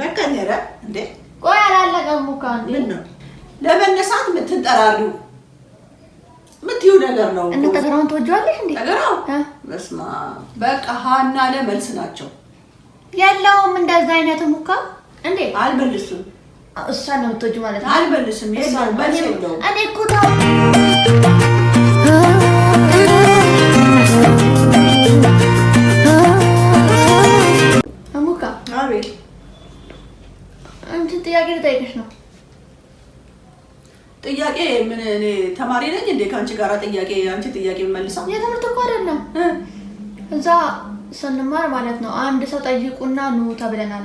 በቃ ኧረ እንዴ ቆይ አላለቀም እኮ አንዴ ምን ነው ለመነሳት የምትንጠራሉ የምትይው ነገር ነው እንዴ ተገራውን ትወጂዋለሽ እንዴ ተገራው በስመ አብ በቃ ሀና ለመልስ ናቸው የለውም እንደዛ አይነት ሙካ እንዴ አልመልስም እሷን ነው የምትወጂው ማለት ነው አልመልስም የለውም መልስ የለውም እኔ እኮ ታው ከአንቺ ጋር ጥያቄ አንቺ ጥያቄ መልሰው የትምህርት እኮ አይደለም እዛ ስንማር ማለት ነው። አንድ ሰው ጠይቁና ኑ ተብለናል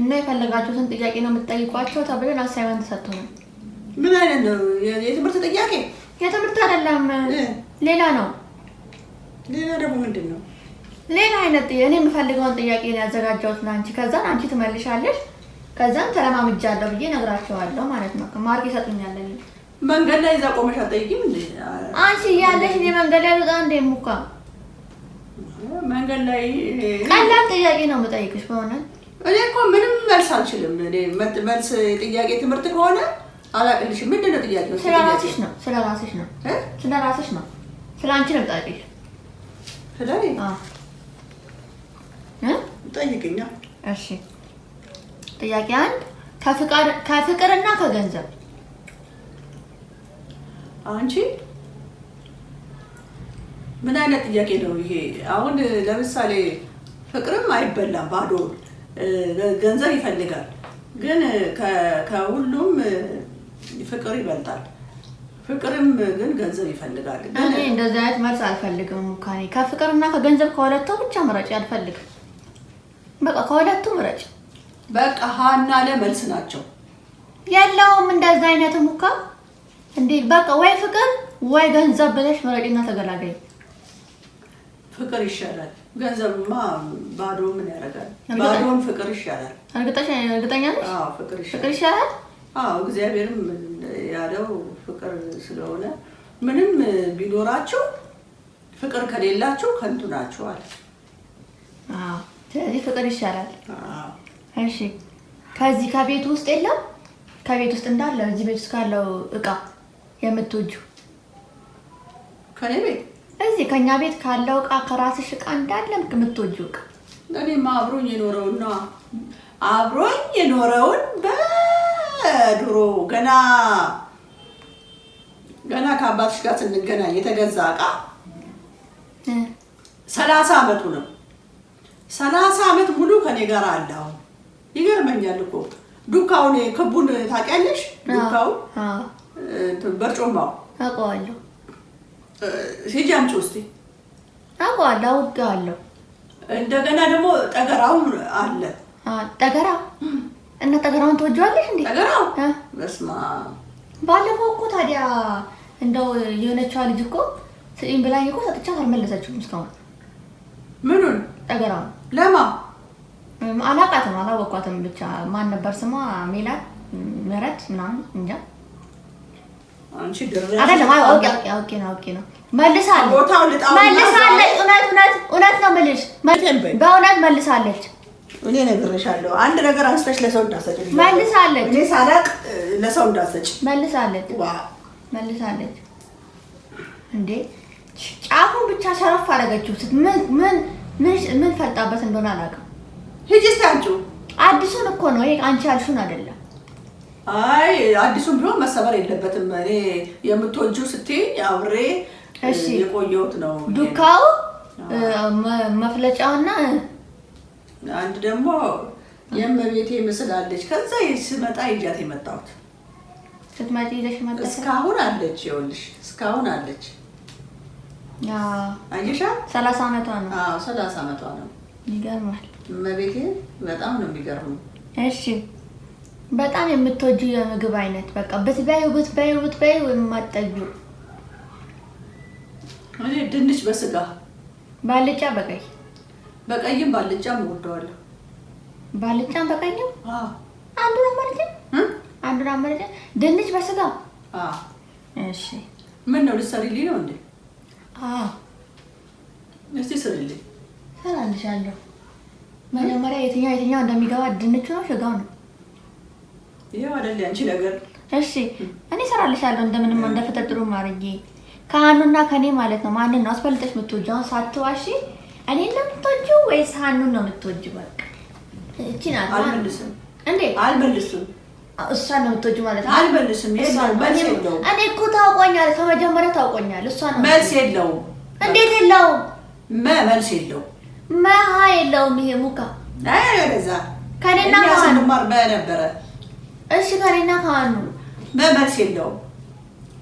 እና የፈለጋችሁትን ጥያቄ ነው የምትጠይቋቸው ተብለን አሳይመንት ነው። ምን አይነት ነው የትምህርት ጥያቄ? የትምህርት አይደለም ሌላ ነው። ሌላ ደግሞ ምንድን ነው? ሌላ አይነት እኔ የምፈልገውን ጥያቄ ነው ያዘጋጀሁት አንቺ ከዛን አንቺ ትመልሻለሽ። ከዛን ተለማምጃለሁ ብዬ ነግራቸዋለሁ ማለት ነው። ማርክ ይሰጡኛለን መንገድ ላይ እዛ ቆመሽ አትጠይቂም እንዴ? አንቺ እያለሽ እኔ መንገድ ላይ ልውጣ እንዴ? ሙካ መንገድ ላይ ቀላል ጥያቄ ነው የምጠይቅሽ። ከሆነ እኔ እኮ ምንም መልስ አልችልም። እኔ መልስ ጥያቄ ትምህርት ከሆነ አላቅልሽም። ምንድን ነው ጥያቄው? ስለ ራስሽ ነው። ስለ ራስሽ ነው። ስለ ራስሽ ነው። ስለ አንቺ ነው የምጠይቅሽ። ስለ እኔ ጠይቅኛ። እሺ። ጥያቄ አንድ ከፍቅርና ከገንዘብ አንቺ ምን አይነት ጥያቄ ነው ይሄ? አሁን ለምሳሌ ፍቅርም አይበላም ባዶ፣ ገንዘብ ይፈልጋል። ግን ከሁሉም ፍቅር ይበልጣል። ፍቅርም ግን ገንዘብ ይፈልጋል። እኔ እንደዚህ አይነት መልስ አልፈልግም። ካኔ ከፍቅርና ከገንዘብ ከሁለቱ ብቻ ምረጭ። አልፈልግም። በቃ ከሁለቱ ምረጭ። በቃ ሀና ለመልስ ናቸው። የለውም እንደዚህ አይነት ሙካ እንዴ በቃ ወይ ፍቅር ወይ ገንዘብ ብለሽ መረጭና ተገላገይ። ፍቅር ይሻላል። ገንዘብማ ባዶ ምን ያደርጋል? ባዶን ፍቅር ይሻላል። እርግጠኛ ነሽ? አዎ ፍቅር ይሻላል። አዎ እግዚአብሔርም ያለው ፍቅር ስለሆነ ምንም ቢኖራችሁ ፍቅር ከሌላችሁ ከንቱ ናችሁ አለ። አዎ ስለዚህ ፍቅር ይሻላል። አዎ እሺ። ከዚህ ከቤት ውስጥ የለም ከቤት ውስጥ እንዳለ እዚህ ቤት ውስጥ ካለው እቃ የምትወጁ ከኔ ቤት እዚህ ከኛ ቤት ካለው እቃ ከራስሽ እቃ እንዳለ የምትወጁ እቃ እኔማ አብሮኝ የኖረውና አብሮኝ የኖረውን በድሮ ገና ገና ከአባትሽ ጋር ስንገናኝ የተገዛ እቃ ሰላሳ አመቱ ነው። ሰላሳ አመት ሙሉ ከኔ ጋር አለው። ይገርመኛል እኮ ዱካውን ክቡን ታውቂያለሽ? ዱካውን በጮማው አውቀዋለሁ። ሂጂ አምጪው እስኪ አውቀዋለሁ፣ አውቄዋለሁ። እንደገና ደግሞ ጠገራው አለ። ጠገራው እና ጠገራውን ትወጂዋለሽ እንዴ? ጠገራው በስማ ባለፈው እኮ ታዲያ እንደው የሆነችዋ ልጅ እኮ ስኢን ብላኝ እኮ ሰጥቻት አልመለሰችም እስካሁን። ምኑን? ጠገራውን። ለማ አላውቃትም፣ አላወኳትም። ብቻ ማን ነበር ስሟ? ሜላት ምህረት ምናምን እንጃ በእውነት መልሳለች። እኔ እነግርሻለሁ አንድ ነገር አንስተሽ ለሰው እንዳትሰጪ መልሳለች። እኔ ሳላቅ ለሰው እንዳትሰጪ መልሳለች መልሳለች። እንዴ ጫፉን ብቻ ሸረፍ አደረገችው። ምን ምን ፈልጣበት እንደሆነ አላውቅም። ሂጂ እስኪ አንቺው አዲሱን እኮ ነው ይሄ አንቺ አልሽውን አይደለም አይ አዲሱም ቢሆን መሰበር የለበትም። እኔ የምትወጂው ስትይኝ አብሬ የቆየሁት ነው። ዱካው መፍለጫውና አንድ ደግሞ የእመቤቴ ምስል አለች። ከዛ ስመጣ ይዣት የመጣሁት ስትመጪ ይዘሽ መጣሽ። እስካሁን አለች፣ ይኸውልሽ እስካሁን አለች። አየሻ ሰላሳ ዓመቷ ነው። ሰላሳ ዓመቷ ነው። ይገርማል። እመቤቴ በጣም ነው የሚገርመው። እሺ በጣም የምትወጁ የምግብ አይነት በቃ ብትበዩ ብትበዩ ብትበዩ የማጠጁ እኔ ድንች በስጋ ባልጫ በቀይ በቀይም ባልጫም እወደዋለሁ። ባልጫም በቀይም አንዱን አመርጭ አንዱን አመርጭ ድንች በስጋ እሺ። ምን ነው ልትሰሪልኝ ነው እንዴ? እስቲ ስሪልኝ። ሰራልሻለሁ። መጀመሪያ የትኛው የትኛው እንደሚገባ ድንቹ ነው ስጋው ነው እሺ እኔ እሰራልሻለሁ እንደምንም እንደፈጠጥሩ ማርጌ ከሀኑና ከእኔ ማለት ነው። ማንን ነው አስፈልጠሽ የምትወጂው? አሁን ሳትዋሺ እኔ ወይስ ሀኑን ነው የምትወጂው? በቃ እቺ ናት። አልመልስም እንዴ አልመልስም። እሷን ነው የምትወጂው ማለት ነው። አልመልስም። መልስ የለውም። እኔ እኮ ታውቆኛል፣ ከመጀመሪያ ታውቆኛል። እሷ ነው መልስ የለውም። እንዴት የለውም? መ መልስ የለውም። መሀ የለውም። ይሄ ሙካ ማር በነበረ እሺ ከኔና ከአኑ መልስ የለውም።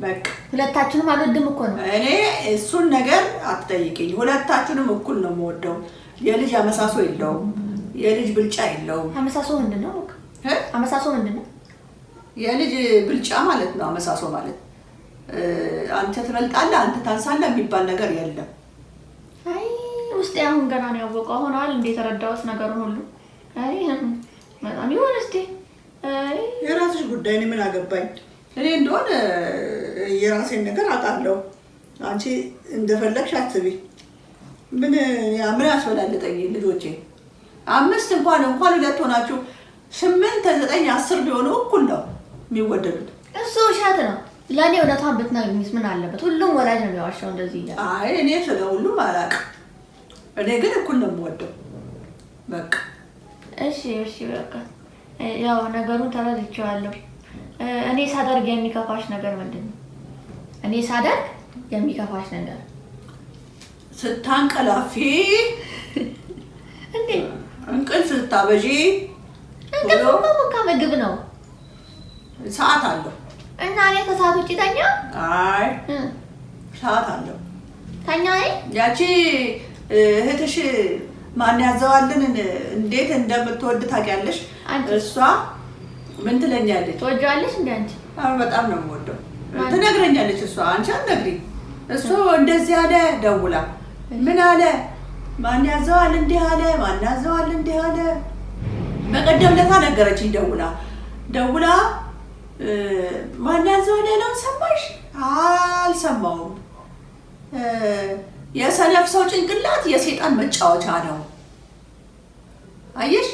በቃ ሁለታችሁንም አልወድም እኮ ነው። እኔ እሱን ነገር አትጠይቅኝ። ሁለታችሁንም እኩል ነው የምወደው። የልጅ አመሳሶ የለውም። የልጅ ብልጫ የለውም። አመሳሶ ምንድን ነው? አመሳሶ ምንድን ነው? የልጅ ብልጫ ማለት ነው። አመሳሶ ማለት አንተ ትበልጣለህ፣ አንተ ታንሳለህ የሚባል ነገር የለም። አይ ውስጤ አሁን ገና ነው ያወቀው። ሆነዋል እንዴ የተረዳሁት ነገሩን ሁሉ። አይ በጣም ይሆን እስቲ የራስሽ ጉዳይ፣ ነው፣ ምን አገባኝ? እኔ እንደሆነ የራሴን ነገር አውቃለሁ። አንቺ እንደፈለግሽ አትቢ። ምን ምን ያስበላልጠኝ? ልጆቼ አምስት እንኳን እንኳን ሁለት ሆናችሁ ስምንት፣ ዘጠኝ፣ አስር ቢሆኑ እኩል ነው የሚወደዱት። እሱ ውሸት ነው። ለእኔ እውነቷን ብትነግሪኝስ ምን አለበት? ሁሉም ወላጅ ነው የሚዋሸው እንደዚህ አይ እኔ ስለ ሁሉም አላውቅም። እኔ ግን እኩል ነው የምወደው። በቃ እሺ፣ እሺ፣ በቃ ያው ነገሩን ተረድቼዋለሁ። እኔ ሳደርግ የሚከፋሽ ነገር ምንድን ነው? እኔ ሳደርግ የሚከፋሽ ነገር ስታንቀላፊ፣ እንዴ እንቅልፍ ስታበዢ። እንቅልፍ ምግብ ነው፣ ሰዓት አለው እና እኔ ከሰዓት ውጭ ተኛ። አይ ሰዓት አለው ተኛ። አይ ያቺ እህትሽ ማን ያዘዋልን እንዴት እንደምትወድ ታውቂያለሽ። እሷ ምን ትለኛለች? ትወጂዋለሽ? እንደ አንቺ በጣም ነው የምወደው ትነግረኛለች እሷ። አንቺ አትነግሪኝ። እሱ እንደዚህ አለ ደውላ ምን አለ ማን ያዘዋል እንዲህ አለ ማን ያዘዋል እንዲህ አለ። በቀደም ለታ ነገረችኝ ደውላ ደውላ ማን ያዘዋል ያለውን ሰማሽ? አልሰማውም። የሰነፍ ሰው ጭንቅላት የሴጣን መጫወቻ ነው። አየሽ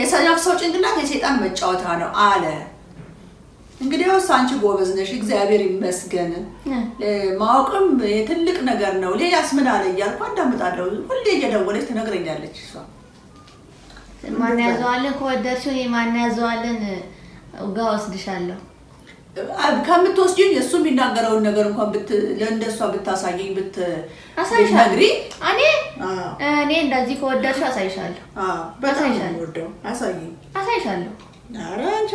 የሰነፍ ሰው ጭንቅላት የሰይጣን መጫወታ ነው አለ። እንግዲያውስ አንቺ ጎበዝ ነሽ፣ እግዚአብሔር ይመስገን። ማወቅም የትልቅ ነገር ነው። ሌላስ ምን አለ እያልኩ አዳምጣለሁ። ሁሌ እየደወለች ትነግረኛለች። እሷ ማናያዘዋለን ከወደድሽው ማናያዘዋለን ጋ ወስድሻለሁ ከምትወስጂኝ እሱ የሚናገረውን ነገር እንኳን ለእንደሷ ብታሳየኝ ብትነግሪ እኔ እኔ እንደዚህ ከወደድሽው አሳይሻለሁ። አሳይሻለሁ። አንቺ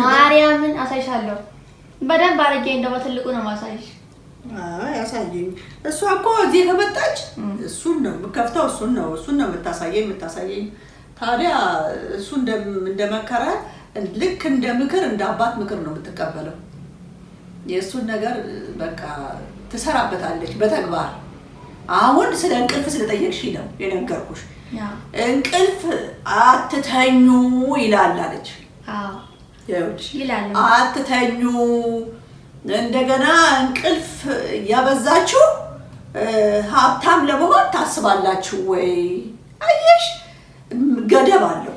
ማርያምን አሳይሻለሁ። በደንብ አድርጌ እንደው በትልቁ ነው ማሳይሽ። አሳየኝ። እሷ እኮ እዚህ ከመጣች እሱን ነው የምከፍተው፣ እሱን ነው እሱን ነው የምታሳየኝ የምታሳየኝ። ታዲያ እሱ እንደመከረ ልክ እንደ ምክር እንደ አባት ምክር ነው የምትቀበለው። የእሱን ነገር በቃ ትሰራበታለች በተግባር አሁን ስለ እንቅልፍ ስለጠየቅሽ ነው የነገርኩሽ። እንቅልፍ አትተኙ ይላል አለች። አትተኙ እንደገና እንቅልፍ ያበዛችሁ ሀብታም ለመሆን ታስባላችሁ ወይ? አየሽ፣ ገደብ አለው።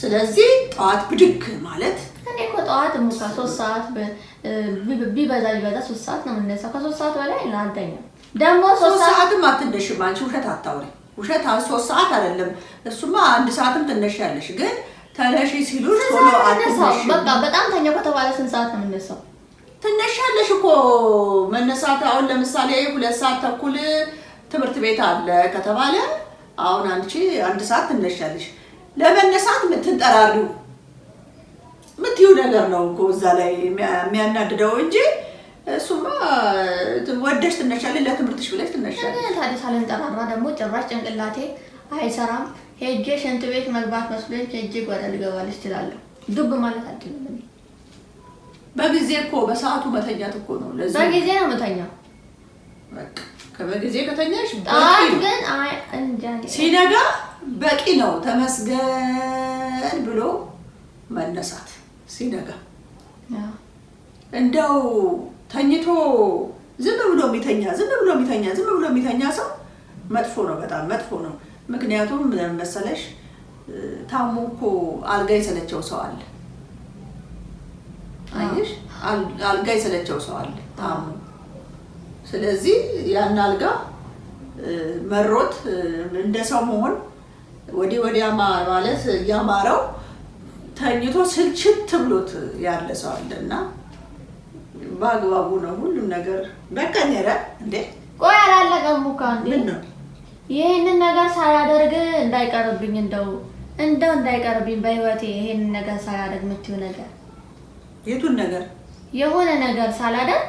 ስለዚህ ጠዋት ብድግ ማለት እኔ እኮ ጠዋት ሙካ ሶስት ሰዓት ቢበዛ ቢበዛ ሶስት ሰዓት ነው የምነሳው። ከሶስት ሰዓት በላይ ለአንተኛ ደግሞ ሶስት ሰዓትም አትነሽም አንቺ። ውሸት አታውሪ፣ ውሸት ሶስት ሰዓት አይደለም እሱማ፣ አንድ ሰዓትም ትነሽ ያለሽ ግን ተነሽ ሲሉ አትነሽ። በቃ በጣም ተኛ ከተባለ ስንት ሰዓት ነው የምነሳው? ትነሻለሽ እኮ መነሳት። አሁን ለምሳሌ ሁለት ሰዓት ተኩል ትምህርት ቤት አለ ከተባለ አሁን አንቺ አንድ ሰዓት ትነሻለሽ። ለመነሳት የምትንጠራሪው የምትይው ነገር ነው እኮ እዛ ላይ የሚያናድደው እንጂ እሱማ ወደሽ ትነሻለሽ፣ ለትምህርትሽ ብለሽ ትነሻለሽ። ታዲያ ሳልንጠራራ ደግሞ ጭራሽ ጭንቅላቴ አይሰራም። ሄጄ ሽንት ቤት መግባት መስሎኝ ሄጄ ጓዳ ልገባል እችላለሁ። ዱብ ማለት አልችልም። በጊዜ እኮ በሰዓቱ መተኛት እኮ ነው። ለዚህ በጊዜ ነው መተኛው። በቃ ከበጊዜ ከተኛሽ ጣት ግን አይ እንጃ ሲነጋ በቂ ነው ተመስገን ብሎ መነሳት ሲነጋ። እንደው ተኝቶ ዝም ብሎ የሚተኛ ዝም ብሎ የሚተኛ ዝም ብሎ የሚተኛ ሰው መጥፎ ነው፣ በጣም መጥፎ ነው። ምክንያቱም መሰለሽ ታሞ እኮ አልጋ የሰለቸው ሰው አለ። አየሽ፣ አልጋ የሰለቸው ሰው አለ ታሞ። ስለዚህ ያን አልጋ መሮት እንደ ሰው መሆን ወዲህ ወዲያ ማለት እያማረው ተኝቶ ስልችት ብሎት ያለ ሰው አለና በአግባቡ ነው ሁሉም ነገር በቃ ኔረ እንዴ ቆይ አላለቀም እኮ ምን ነው ይህንን ነገር ሳላደርግ እንዳይቀርብኝ እንደው እንደው እንዳይቀርብኝ በህይወቴ ይህንን ነገር ሳላደርግ የምትይው ነገር የቱን ነገር የሆነ ነገር ሳላደርግ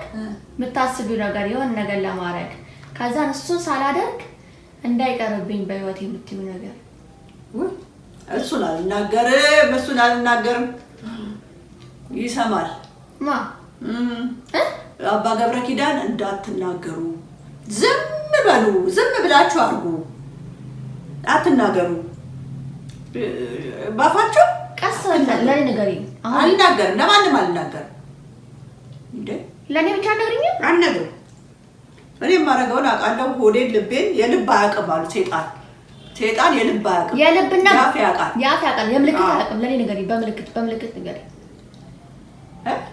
የምታስቢው ነገር የሆነ ነገር ለማድረግ ከዛን እሱን ሳላደርግ እንዳይቀርብኝ በህይወቴ የምትይው ነገር እሱን አልናገርም፣ እሱን አልናገርም። ይሰማል። አባ ገብረ ኪዳን እንዳትናገሩ፣ ዝም በሉ፣ ዝም ብላችሁ አድርጉ፣ አትናገሩ። ባፋቸው ቀስ ላይ ነገር አልናገርም፣ ለማንም አልናገርም። ለእኔ ብቻ ነገርኛ አልነግርም። እኔ የማደርገውን አውቃለሁ። ሆዴን ልቤን የልብ አያውቅም አሉ ሴጣን ሴጣን የልብ አያውቅም። የልብና ያፍ ያውቃል። ያፍ ያውቃል። የምልክት አያውቅም። ለኔ ንገሪ፣ በምልክት በምልክት እ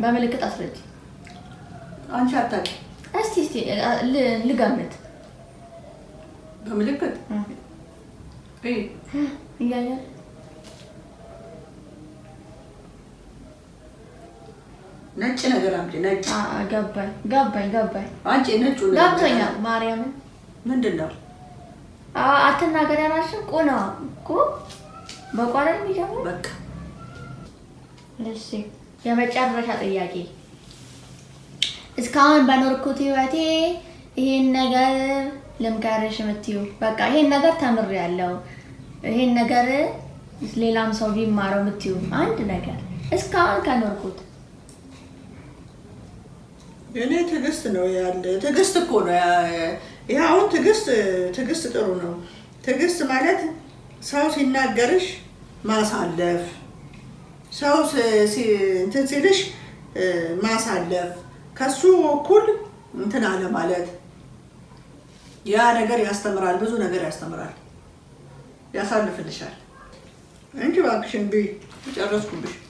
በምልክት አስረጅ። አንቺ አታውቂም። እስቲ እስቲ ልገምት። በምልክት እይ እያያል ነጭ ነገር አምጪ። ነጭ ገባኝ ገባኝ ገባኝ። አንቺ ነጭ ገብቶኛል። ማርያምን ምንድን ነው አትናገር ያላልሽን ቁ ነው ቁ መቋረጥ የሚገባው በቃ እሺ የመጨረሻ ጥያቄ እስካሁን በኖርኩት ህይወቴ ይሄን ነገር ልምከርሽ የምትይው በቃ ይሄን ነገር ተምሬያለሁ ይሄን ነገር ሌላም ሰው ቢማረው የምትይው አንድ ነገር እስካሁን ከኖርኩት እኔ ትዕግስት ነው ያለ ትዕግስት እኮ ነው ይህ አሁን ትዕግስት ትዕግስት ጥሩ ነው። ትዕግስት ማለት ሰው ሲናገርሽ ማሳለፍ፣ ሰው እንትን ሲልሽ ማሳለፍ፣ ከሱ እኩል እንትን አለ ማለት ያ ነገር ያስተምራል፣ ብዙ ነገር ያስተምራል፣ ያሳልፍልሻል እንጂ እባክሽን ቢ ጨረስኩብሽ።